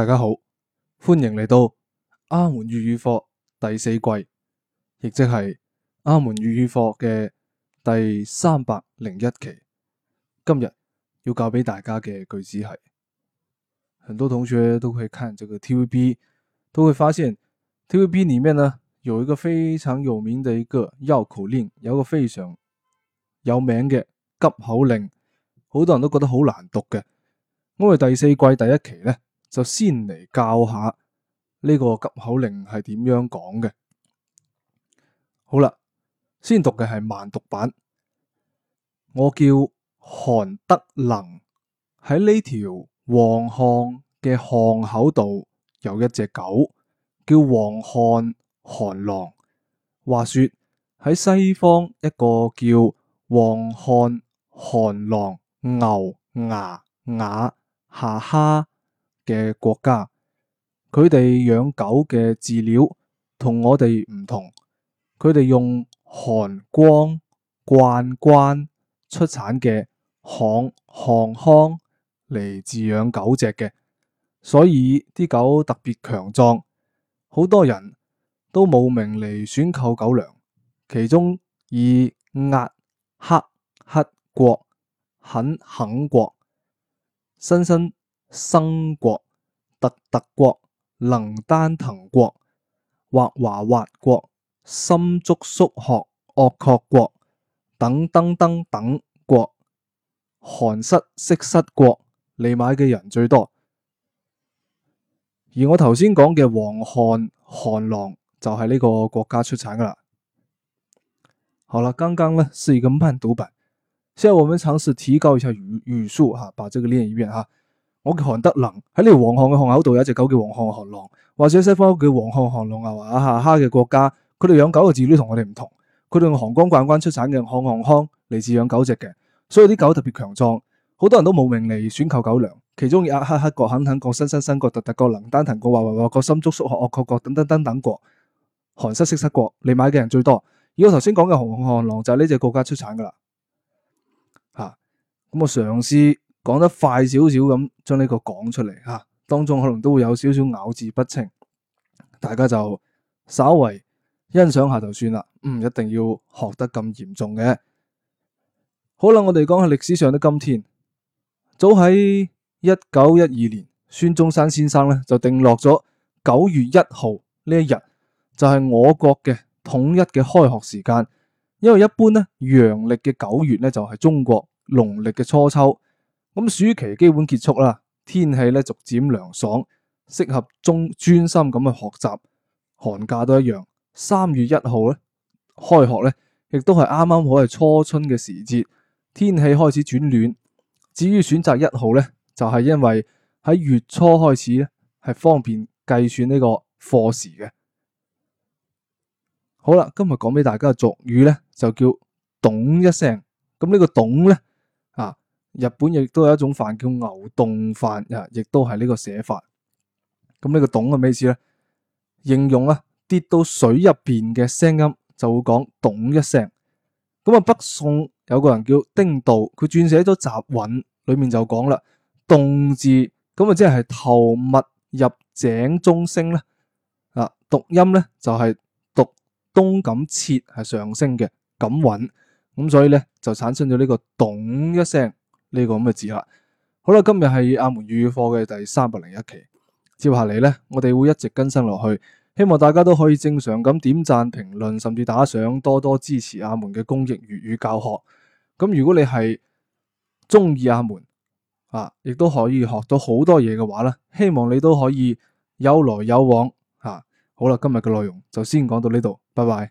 大家好，歡迎嚟到《阿門粵語課》第四季，亦即係《阿門粵語課》嘅第三百零一期。今日要教俾大家嘅句子係，很多同學都會看這個 T V B，都會發現 T V B 裏面呢有一個非常有名嘅一個繞口令，有個非常有名嘅急口令，好多人都覺得好難讀嘅。我哋第四季第一期呢，就先嚟教下呢個急口令係點樣講嘅。好啦，先讀嘅係慢讀版。我叫韓德能，喺呢條黃巷嘅巷口度，有一隻狗，叫黃汗寒狼。話說喺西方一個叫黃汗寒狼牛牙雅夏蝦，蝦。嘅國家，佢哋養狗嘅飼料同我哋唔同，佢哋用寒光慣關出產嘅旱巷糠嚟飼養狗隻嘅，所以啲狗特別強壯，好多人都慕名嚟選購狗糧。其中以壓克克國、肯肯國、新新。生國、特特國、能丹騰國、或華滑國、深足宿學、惡確國等、等燈燈等等國，寒濕色失國，嚟買嘅人最多。而我頭先講嘅黃汗寒狼就係、是、呢個國家出產噶啦。好啦，剛剛呢是咁個慢讀版，現在我們嘗試提高一下語語速哈，把這個練一遍哈。啊我叫韓德能，喺呢條黃巷嘅巷口度，有一隻狗，叫黃汗寒狼，或者西方叫黃汗寒狼牛牙雅夏蝦嘅國家，佢哋養狗嘅飼料同我哋唔同，佢哋用寒光慣關出產嘅旱巷糠嚟飼養狗隻嘅，所以啲狗特別強壯，好多人都慕名嚟選購狗糧，其中阿黑黑國、肯肯國、新新新國、特特國、林丹騰國、華華國、深足宿河惡國等等等等國，寒濕色濕國，你買嘅人最多，而我頭先講嘅黃汗寒狼就係呢隻國家出產噶啦，吓、啊，咁我嘗試。講得快少少咁，將呢個講出嚟吓，當中可能都會有少少咬字不清，大家就稍為欣賞下就算啦，唔一定要學得咁嚴重嘅。好啦，我哋講下歷史上的今天，早喺一九一二年，孫中山先生咧就定落咗九月一號呢一日，就係我國嘅統一嘅開學時間，因為一般咧陽曆嘅九月咧就係中國農曆嘅初秋。咁暑期基本結束啦，天氣咧逐漸涼爽，適合中專心咁去學習。寒假都一樣。三月一號咧開學咧，亦都係啱啱好係初春嘅時節，天氣開始轉暖。至於選擇一號咧，就係、是、因為喺月初開始咧係方便計算呢個課時嘅。好啦，今日講俾大家嘅俗語咧就叫丼一聲，咁呢個丼咧。日本亦都有一種飯叫牛丼飯，啊，亦都係呢個寫法。咁、嗯、呢、這個“丼”咩意思咧？形容啊跌到水入邊嘅聲音就會講“丼”一聲。咁、嗯、啊，北宋有個人叫丁道，佢撰寫咗集韻，裏面就講啦，“丼”字咁啊，即係投物入井中聲咧。啊，讀音咧就係、是、讀東咁切係上升嘅咁韻，咁所以咧就產生咗呢個“丼”一聲。呢個咁嘅字啦，好啦，今日係阿門粵語課嘅第三百零一期，接下嚟呢，我哋會一直更新落去，希望大家都可以正常咁點讚、評論，甚至打賞，多多支持阿門嘅公益粵語教學。咁如果你係中意阿門啊，亦都可以學到好多嘢嘅話呢，希望你都可以有來有往吓。好啦，今日嘅內容就先講到呢度，拜拜。